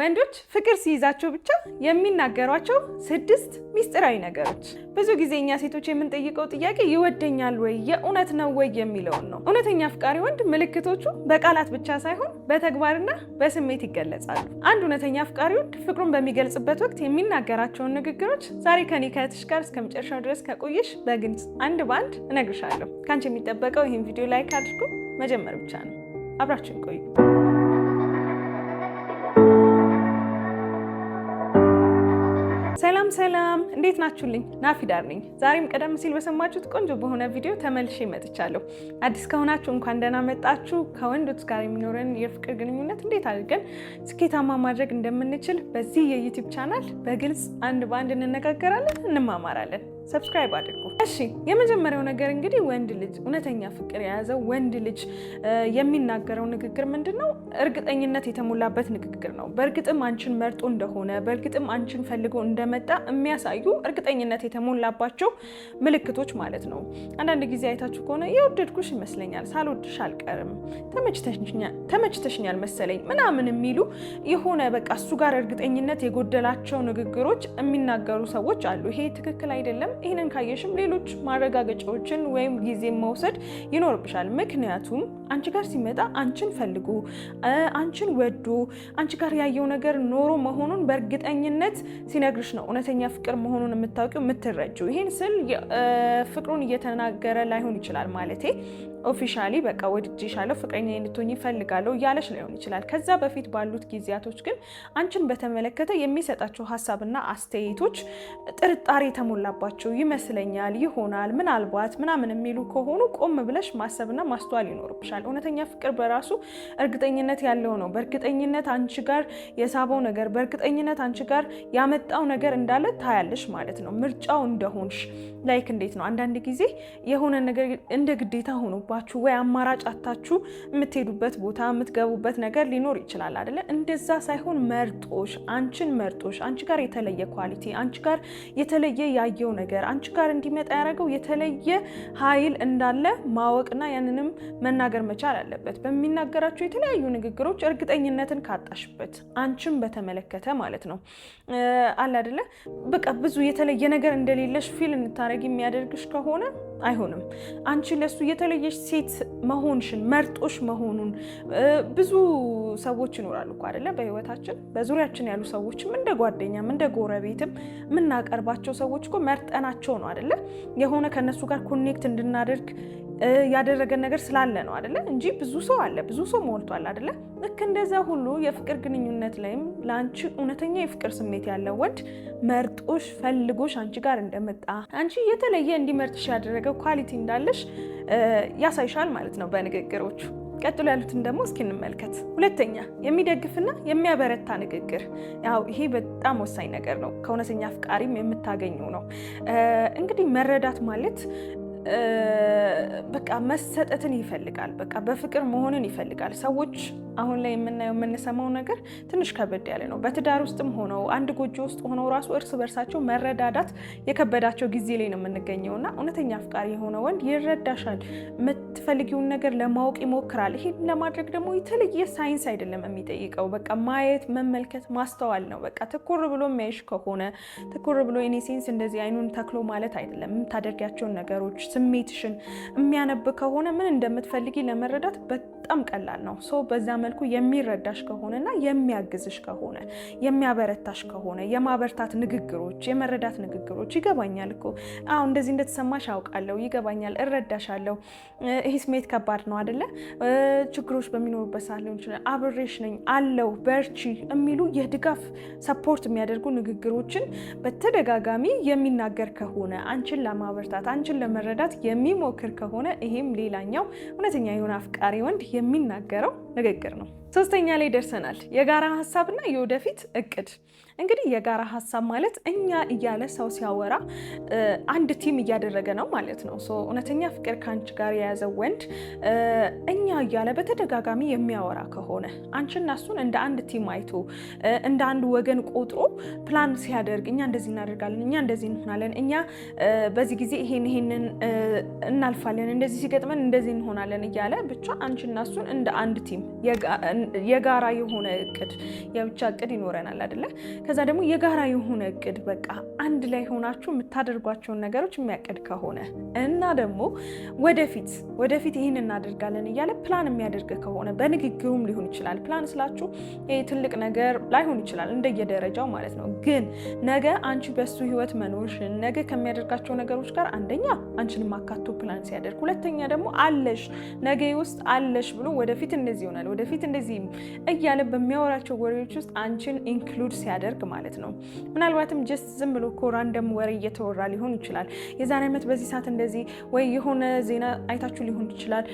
ወንዶች ፍቅር ሲይዛቸው ብቻ የሚናገሯቸው ስድስት ሚስጥራዊ ነገሮች። ብዙ ጊዜ እኛ ሴቶች የምንጠይቀው ጥያቄ ይወደኛል ወይ የእውነት ነው ወይ የሚለውን ነው። እውነተኛ አፍቃሪ ወንድ ምልክቶቹ በቃላት ብቻ ሳይሆን በተግባርና በስሜት ይገለጻሉ። አንድ እውነተኛ አፍቃሪ ወንድ ፍቅሩን በሚገልጽበት ወቅት የሚናገራቸውን ንግግሮች ዛሬ ከኔ ከእህትሽ ጋር እስከ መጨረሻው ድረስ ከቆየሽ በግልጽ አንድ በአንድ እነግርሻለሁ። ከአንቺ የሚጠበቀው ይህን ቪዲዮ ላይክ አድርጎ መጀመር ብቻ ነው። አብራችን ቆዩ። ሰላም እንዴት ናችሁልኝ? ናፊዳር ነኝ። ዛሬም ቀደም ሲል በሰማችሁት ቆንጆ በሆነ ቪዲዮ ተመልሼ መጥቻለሁ። አዲስ ከሆናችሁ እንኳን ደህና መጣችሁ። ከወንዶች ጋር የሚኖረን የፍቅር ግንኙነት እንዴት አድርገን ስኬታማ ማድረግ እንደምንችል በዚህ የዩቲዩብ ቻናል በግልጽ አንድ በአንድ እንነጋገራለን፣ እንማማራለን። ሰብስክራይብ አድርጉ። እሺ፣ የመጀመሪያው ነገር እንግዲህ ወንድ ልጅ እውነተኛ ፍቅር የያዘው ወንድ ልጅ የሚናገረው ንግግር ምንድን ነው? እርግጠኝነት የተሞላበት ንግግር ነው። በእርግጥም አንቺን መርጦ እንደሆነ፣ በእርግጥም አንቺን ፈልጎ እንደመጣ የሚያሳዩ እርግጠኝነት የተሞላባቸው ምልክቶች ማለት ነው። አንዳንድ ጊዜ አይታችሁ ከሆነ የወደድኩሽ ይመስለኛል፣ ሳልወድሽ አልቀርም፣ ተመችተሽኛል መሰለኝ ምናምን የሚሉ የሆነ በቃ እሱ ጋር እርግጠኝነት የጎደላቸው ንግግሮች የሚናገሩ ሰዎች አሉ። ይሄ ትክክል አይደለም። ይህንን ካየሽም ሌሎች ማረጋገጫዎችን ወይም ጊዜ መውሰድ ይኖርብሻል። ምክንያቱም አንቺ ጋር ሲመጣ አንቺን ፈልጎ አንቺን ወዶ አንቺ ጋር ያየው ነገር ኖሮ መሆኑን በእርግጠኝነት ሲነግርሽ ነው እውነተኛ ፍቅር መሆኑን የምታውቂው የምትረጁ። ይህን ስል ፍቅሩን እየተናገረ ላይሆን ይችላል ማለቴ ኦፊሻሊ በቃ ወድጄሻለሁ ፍቅረኛ ልትሆኝ ይፈልጋለሁ እያለሽ ላይሆን ይችላል። ከዛ በፊት ባሉት ጊዜያቶች ግን አንቺን በተመለከተ የሚሰጣቸው ሀሳብና አስተያየቶች ጥርጣሬ የተሞላባቸው ይመስለኛል፣ ይሆናል፣ ምናልባት ምናምን የሚሉ ከሆኑ ቆም ብለሽ ማሰብና ማስተዋል ይኖርብሻል። እውነተኛ ፍቅር በራሱ እርግጠኝነት ያለው ነው። በእርግጠኝነት አንቺ ጋር የሳበው ነገር፣ በእርግጠኝነት አንቺ ጋር ያመጣው ነገር እንዳለ ታያለሽ ማለት ነው። ምርጫው እንደሆንሽ ላይክ እንዴት ነው አንዳንድ ጊዜ የሆነ ነገር እንደ ግዴታ ሆኖ እየገባችሁ ወይ አማራጭ አታችሁ የምትሄዱበት ቦታ የምትገቡበት ነገር ሊኖር ይችላል አይደለ? እንደዛ ሳይሆን መርጦሽ አንቺን መርጦሽ አንቺ ጋር የተለየ ኳሊቲ፣ አንቺ ጋር የተለየ ያየው ነገር፣ አንቺ ጋር እንዲመጣ ያደረገው የተለየ ኃይል እንዳለ ማወቅና ያንንም መናገር መቻል አለበት። በሚናገራቸው የተለያዩ ንግግሮች እርግጠኝነትን ካጣሽበት አንቺን በተመለከተ ማለት ነው አለ አይደለ? በቃ ብዙ የተለየ ነገር እንደሌለሽ ፊል እንታረግ የሚያደርግሽ ከሆነ አይሆንም። አንቺ ለሱ የተለየሽ ሴት መሆንሽን መርጦሽ መሆኑን ብዙ ሰዎች ይኖራሉ እኮ አይደለ? በህይወታችን በዙሪያችን ያሉ ሰዎችም እንደ ጓደኛም እንደ ጎረቤትም የምናቀርባቸው ሰዎች እኮ መርጠናቸው ነው አይደለ? የሆነ ከነሱ ጋር ኮኔክት እንድናደርግ ያደረገን ነገር ስላለ ነው አደለ? እንጂ ብዙ ሰው አለ፣ ብዙ ሰው ሞልቷል አደለ? ልክ እንደዛ ሁሉ የፍቅር ግንኙነት ላይም ለአንቺ እውነተኛ የፍቅር ስሜት ያለው ወንድ መርጦሽ ፈልጎሽ አንቺ ጋር እንደመጣ አንቺ የተለየ እንዲመርጥሽ ያደረገው ኳሊቲ እንዳለሽ ያሳይሻል ማለት ነው በንግግሮቹ። ቀጥሎ ያሉትን ደግሞ እስኪ እንመልከት። ሁለተኛ የሚደግፍና የሚያበረታ ንግግር። ያው ይሄ በጣም ወሳኝ ነገር ነው፣ ከእውነተኛ አፍቃሪም የምታገኘው ነው። እንግዲህ መረዳት ማለት በቃ መሰጠትን ይፈልጋል። በቃ በፍቅር መሆንን ይፈልጋል። ሰዎች አሁን ላይ የምናየው የምንሰማው ነገር ትንሽ ከበድ ያለ ነው። በትዳር ውስጥም ሆነው አንድ ጎጆ ውስጥ ሆነው ራሱ እርስ በርሳቸው መረዳዳት የከበዳቸው ጊዜ ላይ ነው የምንገኘው እና እውነተኛ አፍቃሪ የሆነ ወንድ ይረዳሻል፣ የምትፈልጊውን ነገር ለማወቅ ይሞክራል። ይሄን ለማድረግ ደግሞ የተለየ ሳይንስ አይደለም የሚጠይቀው። በቃ ማየት፣ መመልከት፣ ማስተዋል ነው። በቃ ትኩር ብሎ የሚያይሽ ከሆነ ትኩር ብሎ ኢኔሴንስ እንደዚህ አይኑን ተክሎ ማለት አይደለም። የምታደርጊያቸውን ነገሮች፣ ስሜትሽን የሚያነብ ከሆነ ምን እንደምትፈልጊ ለመረዳት በጣም ቀላል ነው። በዛ መልኩ የሚረዳሽ ከሆነና የሚያግዝሽ ከሆነ የሚያበረታሽ ከሆነ የማበርታት ንግግሮች፣ የመረዳት ንግግሮች ይገባኛል እኮ አሁ እንደዚህ እንደተሰማሽ አውቃለሁ፣ ይገባኛል፣ እረዳሻለሁ፣ ይህ ስሜት ከባድ ነው አደለ፣ ችግሮች በሚኖሩበት ሰዓት ሊሆን ይችላል፣ አብሬሽ ነኝ፣ አለው፣ በርቺ የሚሉ የድጋፍ ሰፖርት የሚያደርጉ ንግግሮችን በተደጋጋሚ የሚናገር ከሆነ አንቺን ለማበርታት አንቺን ለመረዳት የሚሞክር ከሆነ ይሄም ሌላኛው እውነተኛ የሆነ አፍቃሪ ወንድ የሚናገረው ንግግር ነው። ሶስተኛ ላይ ደርሰናል። የጋራ ሀሳብና የወደፊት እቅድ እንግዲህ የጋራ ሀሳብ ማለት እኛ እያለ ሰው ሲያወራ አንድ ቲም እያደረገ ነው ማለት ነው። እውነተኛ ፍቅር ከአንቺ ጋር የያዘው ወንድ እኛ እያለ በተደጋጋሚ የሚያወራ ከሆነ አንቺና እሱን እንደ አንድ ቲም አይቶ እንደ አንድ ወገን ቆጥሮ ፕላን ሲያደርግ እኛ እንደዚህ እናደርጋለን፣ እኛ እንደዚህ እንሆናለን፣ እኛ በዚህ ጊዜ ይሄን ይሄንን እናልፋለን፣ እንደዚህ ሲገጥመን እንደዚህ እንሆናለን እያለ ብቻ አንቺና እሱን እንደ አንድ ቲም የጋራ የሆነ እቅድ የብቻ እቅድ ይኖረናል አይደለ? ከዛ ደግሞ የጋራ የሆነ እቅድ በቃ አንድ ላይ ሆናችሁ የምታደርጓቸውን ነገሮች የሚያቅድ ከሆነ እና ደግሞ ወደፊት ወደፊት ይህን እናደርጋለን እያለ ፕላን የሚያደርግ ከሆነ በንግግሩም ሊሆን ይችላል። ፕላን ስላችሁ ትልቅ ነገር ላይሆን ይችላል እንደየደረጃው ማለት ነው። ግን ነገ አንቺ በሱ ህይወት መኖርሽን ነገ ከሚያደርጋቸው ነገሮች ጋር አንደኛ አንቺን ማካቶ ፕላን ሲያደርግ፣ ሁለተኛ ደግሞ አለሽ ነገ ውስጥ አለሽ ብሎ ወደፊት እንደዚህ ይሆናል ወደፊት እንደዚህ እያለ በሚያወራቸው ወሬዎች ውስጥ አንቺን ኢንክሉድ ሲያደርግ ሲያደርግ ማለት ነው። ምናልባትም ጀስት ዝም ብሎ እኮ ራንደም ወሬ እየተወራ ሊሆን ይችላል። የዛሬ ዓመት በዚህ ሰዓት እንደዚህ ወይ የሆነ ዜና አይታችሁ ሊሆን ይችላል።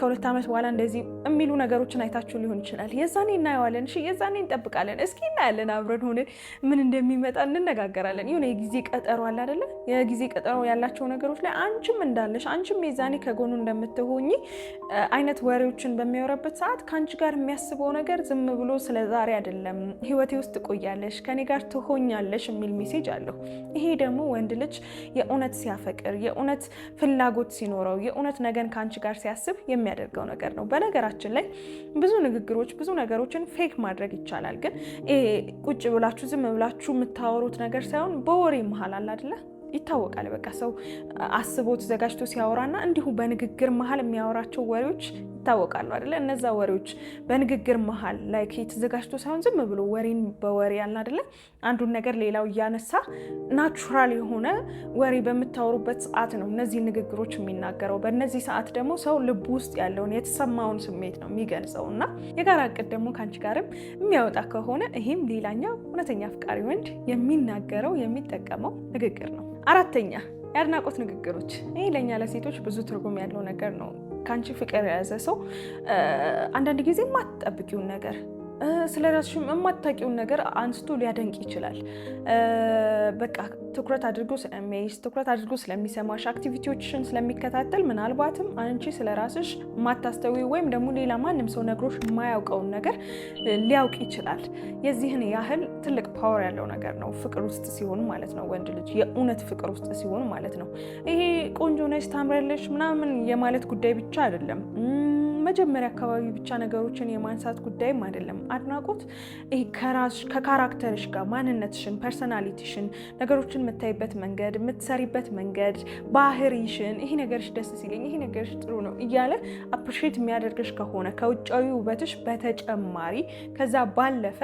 ከሁለት ዓመት በኋላ እንደዚህ የሚሉ ነገሮችን አይታችሁ ሊሆን ይችላል። የዛኔ እናየዋለን። እሺ፣ የዛኔ እንጠብቃለን። እስኪ እናያለን። አብረን ሆነን ምን እንደሚመጣ እንነጋገራለን። ይሁን የጊዜ ቀጠሮ አለ አይደለ? የጊዜ ቀጠሮ ያላቸው ነገሮች ላይ አንቺም እንዳለሽ አንቺም የዛኔ ከጎኑ እንደምትሆኝ አይነት ወሬዎችን በሚያወራበት ሰዓት ከአንቺ ጋር የሚያስበው ነገር ዝም ብሎ ስለዛሬ አይደለም። ህይወቴ ውስጥ ቆያለሽ ከኔ ጋር ትሆኛለሽ የሚል ሜሴጅ አለው። ይሄ ደግሞ ወንድ ልጅ የእውነት ሲያፈቅር፣ የእውነት ፍላጎት ሲኖረው፣ የእውነት ነገን ከአንቺ ጋር ሲያስብ የሚያደርገው ነገር ነው። በነገራችን ላይ ብዙ ንግግሮች፣ ብዙ ነገሮችን ፌክ ማድረግ ይቻላል። ግን ቁጭ ብላችሁ ዝም ብላችሁ የምታወሩት ነገር ሳይሆን በወሬ መሀል አለ አይደለ ይታወቃል። በቃ ሰው አስቦ ተዘጋጅቶ ሲያወራና እንዲሁ በንግግር መሀል የሚያወራቸው ወሬዎች ይታወቃሉ አደለ? እነዛ ወሬዎች በንግግር መሀል ላይ የተዘጋጅቶ ሳይሆን ዝም ብሎ ወሬን በወሬ ያልን አደለ? አንዱን ነገር ሌላው እያነሳ ናቹራል የሆነ ወሬ በምታወሩበት ሰዓት ነው እነዚህ ንግግሮች የሚናገረው። በእነዚህ ሰዓት ደግሞ ሰው ልቡ ውስጥ ያለውን የተሰማውን ስሜት ነው የሚገልጸው እና የጋራ እቅድ ደግሞ ከአንቺ ጋርም የሚያወጣ ከሆነ ይህም ሌላኛው እውነተኛ አፍቃሪ ወንድ የሚናገረው የሚጠቀመው ንግግር ነው። አራተኛ የአድናቆት ንግግሮች። ይህ ለእኛ ለሴቶች ብዙ ትርጉም ያለው ነገር ነው። ከአንቺ ፍቅር የያዘ ሰው አንዳንድ ጊዜ የማትጠብቂውን ነገር ስለ ራስሽም የማታውቂውን ነገር አንስቶ ሊያደንቅ ይችላል። በቃ ትኩረት አድርጎ ስለሚያይሽ፣ ትኩረት አድርጎ ስለሚሰማሽ፣ አክቲቪቲዎችሽን ስለሚከታተል ምናልባትም አንቺ ስለ ራስሽ የማታስተዊ ወይም ደግሞ ሌላ ማንም ሰው ነግሮሽ የማያውቀውን ነገር ሊያውቅ ይችላል። የዚህን ያህል ትልቅ ፓወር ያለው ነገር ነው ፍቅር ውስጥ ሲሆን ማለት ነው። ወንድ ልጅ የእውነት ፍቅር ውስጥ ሲሆን ማለት ነው። ይሄ ቆንጆ ነች፣ ታምራለች ምናምን የማለት ጉዳይ ብቻ አይደለም። መጀመሪያ አካባቢ ብቻ ነገሮችን የማንሳት ጉዳይም አይደለም። አድናቆት ይሄ ከራስሽ ከካራክተርሽ ጋር ማንነትሽን፣ ፐርሰናሊቲሽን፣ ነገሮችን የምታይበት መንገድ፣ የምትሰሪበት መንገድ፣ ባህሪሽን ይሄ ነገርሽ ደስ ሲለኝ፣ ይሄ ነገርሽ ጥሩ ነው እያለ አፕሪሼት የሚያደርግሽ ከሆነ ከውጫዊ ውበትሽ በተጨማሪ ከዛ ባለፈ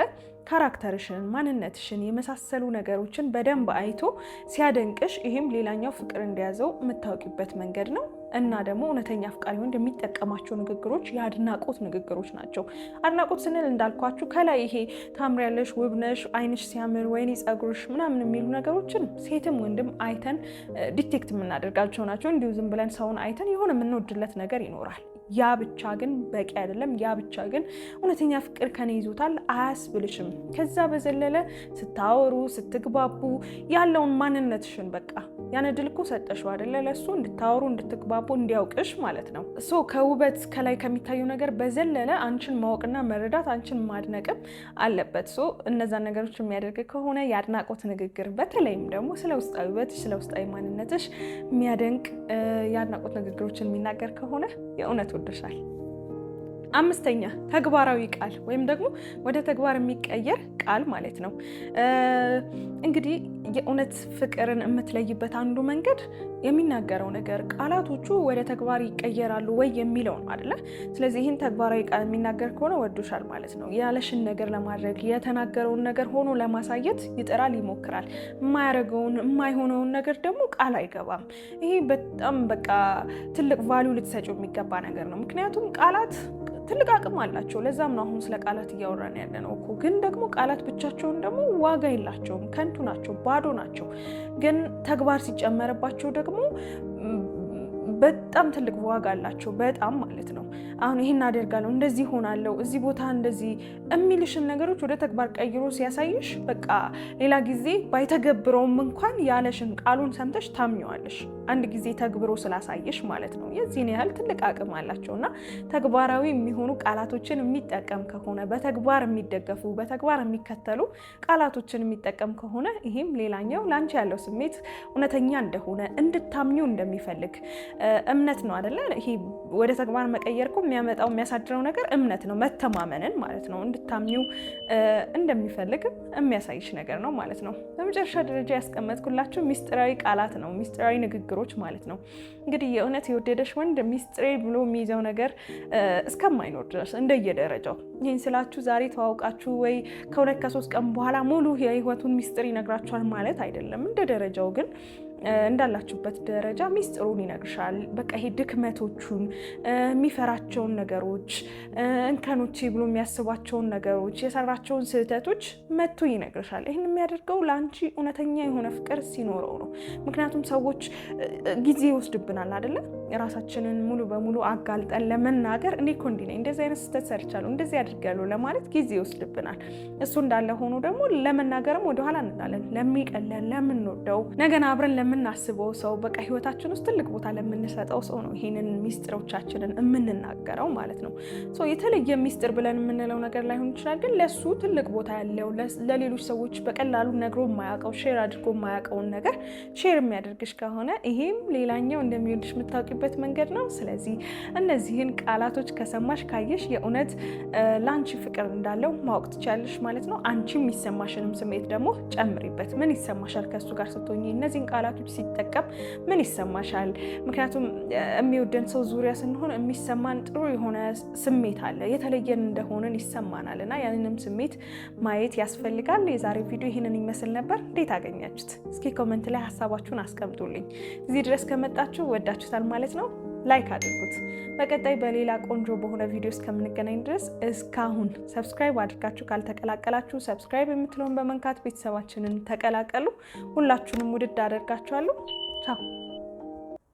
ካራክተርሽን፣ ማንነትሽን የመሳሰሉ ነገሮችን በደንብ አይቶ ሲያደንቅሽ፣ ይህም ሌላኛው ፍቅር እንደያዘው የምታውቂበት መንገድ ነው። እና ደግሞ እውነተኛ አፍቃሪ ወንድ የሚጠቀማቸው ንግግሮች የአድናቆት ንግግሮች ናቸው። አድናቆት ስንል እንዳልኳችሁ ከላይ ይሄ ታምሪያለሽ፣ ውብነሽ፣ አይንሽ ሲያምር፣ ወይኔ ጸጉርሽ ምናምን የሚሉ ነገሮችን ሴትም ወንድም አይተን ዲቴክት የምናደርጋቸው ናቸው። እንዲሁ ዝም ብለን ሰውን አይተን የሆነ የምንወድለት ነገር ይኖራል። ያ ብቻ ግን በቂ አይደለም። ያ ብቻ ግን እውነተኛ ፍቅር ከኔ ይዞታል አያስብልሽም። ከዛ በዘለለ ስታወሩ፣ ስትግባቡ ያለውን ማንነትሽን በቃ ያን እድል እኮ ሰጠሽው አይደለ? ለእሱ እንድታወሩ እንድትግባቡ እንዲያውቅሽ ማለት ነው። ሶ ከውበት ከላይ ከሚታዩ ነገር በዘለለ አንቺን ማወቅና መረዳት አንቺን ማድነቅም አለበት። ሶ እነዛን ነገሮች የሚያደርግ ከሆነ የአድናቆት ንግግር፣ በተለይም ደግሞ ስለ ውስጣዊ ውበትሽ ስለ ውስጣዊ ማንነትሽ የሚያደንቅ የአድናቆት ንግግሮችን የሚናገር ከሆነ የእውነት ወደሻል። አምስተኛ ተግባራዊ ቃል ወይም ደግሞ ወደ ተግባር የሚቀየር ቃል ማለት ነው። እንግዲህ የእውነት ፍቅርን የምትለይበት አንዱ መንገድ የሚናገረው ነገር ቃላቶቹ ወደ ተግባር ይቀየራሉ ወይ የሚለው ነው አይደለ? ስለዚህ ይህን ተግባራዊ ቃል የሚናገር ከሆነ ወዶሻል ማለት ነው። ያለሽን ነገር ለማድረግ የተናገረውን ነገር ሆኖ ለማሳየት ይጥራል፣ ይሞክራል። የማያደርገውን የማይሆነውን ነገር ደግሞ ቃል አይገባም። ይሄ በጣም በቃ ትልቅ ቫሊዩ ልትሰጪው የሚገባ ነገር ነው። ምክንያቱም ቃላት ትልቅ አቅም አላቸው። ለዛም ነው አሁን ስለ ቃላት እያወራን ያለ ነው እኮ። ግን ደግሞ ቃላት ብቻቸውን ደግሞ ዋጋ የላቸውም፣ ከንቱ ናቸው፣ ባዶ ናቸው። ግን ተግባር ሲጨመርባቸው ደግሞ በጣም ትልቅ ዋጋ አላቸው። በጣም ማለት ነው። አሁን ይህን አደርጋለሁ፣ እንደዚህ ሆናለሁ፣ እዚህ ቦታ እንደዚህ የሚልሽን ነገሮች ወደ ተግባር ቀይሮ ሲያሳይሽ በቃ ሌላ ጊዜ ባይተገብረውም እንኳን ያለሽን ቃሉን ሰምተሽ ታምኘዋለሽ። አንድ ጊዜ ተግብሮ ስላሳየሽ ማለት ነው። የዚህን ያህል ትልቅ አቅም አላቸው እና ተግባራዊ የሚሆኑ ቃላቶችን የሚጠቀም ከሆነ በተግባር የሚደገፉ በተግባር የሚከተሉ ቃላቶችን የሚጠቀም ከሆነ ይህም ሌላኛው ለአንቺ ያለው ስሜት እውነተኛ እንደሆነ እንድታምኙ እንደሚፈልግ እምነት ነው አይደለ? ይሄ ወደ ተግባር መቀየር እኮ የሚያመጣው የሚያሳድረው ነገር እምነት ነው፣ መተማመንን ማለት ነው። እንድታምኚው እንደሚፈልግም የሚያሳይሽ ነገር ነው ማለት ነው። በመጨረሻ ደረጃ ያስቀመጥኩላችሁ ሚስጥራዊ ቃላት ነው፣ ሚስጥራዊ ንግግሮች ማለት ነው። እንግዲህ የእውነት የወደደሽ ወንድ ሚስጥሬ ብሎ የሚይዘው ነገር እስከማይኖር ድረስ እንደየደረጃው ይህን ስላችሁ ዛሬ ተዋውቃችሁ ወይ ከሁለት ከሶስት ቀን በኋላ ሙሉ የህይወቱን ሚስጥር ይነግራችኋል ማለት አይደለም። እንደ ደረጃው ግን እንዳላችሁበት ደረጃ ሚስጥሩን ይነግርሻል። በቃ ይሄ ድክመቶቹን፣ የሚፈራቸውን ነገሮች፣ እንከኖቼ ብሎ የሚያስባቸውን ነገሮች፣ የሰራቸውን ስህተቶች መቶ ይነግርሻል። ይህን የሚያደርገው ለአንቺ እውነተኛ የሆነ ፍቅር ሲኖረው ነው። ምክንያቱም ሰዎች ጊዜ ይወስድብናል አይደለም ራሳችንን ሙሉ በሙሉ አጋልጠን ለመናገር እኔ እኮ እንዲህ ነኝ፣ እንደዚህ አይነት ስህተት ሰርቻለሁ፣ እንደዚህ አድርጊያለሁ ለማለት ጊዜ ይወስድብናል። እሱ እንዳለ ሆኖ ደግሞ ለመናገርም ወደኋላ እንላለን። ለሚቀለን፣ ለምንወደው ነገን አብረን ለምናስበው ሰው፣ በቃ ህይወታችን ውስጥ ትልቅ ቦታ ለምንሰጠው ሰው ነው ይህንን ሚስጥሮቻችንን የምንናገረው ማለት ነው። የተለየ ሚስጥር ብለን የምንለው ነገር ላይሆን ይችላል፣ ግን ለእሱ ትልቅ ቦታ ያለው ለሌሎች ሰዎች በቀላሉ ነግሮ የማያውቀው ሼር አድርጎ የማያውቀውን ነገር ሼር የሚያደርግሽ ከሆነ ይሄም ሌላኛው እንደሚወድሽ የምታውቂ የምንችልበት መንገድ ነው። ስለዚህ እነዚህን ቃላቶች ከሰማሽ፣ ካየሽ የእውነት ለአንቺ ፍቅር እንዳለው ማወቅ ትችላለሽ ማለት ነው። አንቺ የሚሰማሽንም ስሜት ደግሞ ጨምሪበት። ምን ይሰማሻል ከእሱ ጋር ስትሆኝ እነዚህን ቃላቶች ሲጠቀም ምን ይሰማሻል? ምክንያቱም የሚወደን ሰው ዙሪያ ስንሆን የሚሰማን ጥሩ የሆነ ስሜት አለ፣ የተለየን እንደሆንን ይሰማናል እና ያንንም ስሜት ማየት ያስፈልጋል። የዛሬ ቪዲዮ ይህንን ይመስል ነበር። እንዴት አገኛችሁት? እስኪ ኮመንት ላይ ሀሳባችሁን አስቀምጡልኝ። እዚህ ድረስ ከመጣችሁ ወዳችሁታል ማለት ማለት ነው። ላይክ አድርጉት። በቀጣይ በሌላ ቆንጆ በሆነ ቪዲዮ እስከምንገናኝ ድረስ እስካሁን ሰብስክራይብ አድርጋችሁ ካልተቀላቀላችሁ ሰብስክራይብ የምትለውን በመንካት ቤተሰባችንን ተቀላቀሉ። ሁላችሁንም ውድድ አደርጋችኋለሁ። ቻው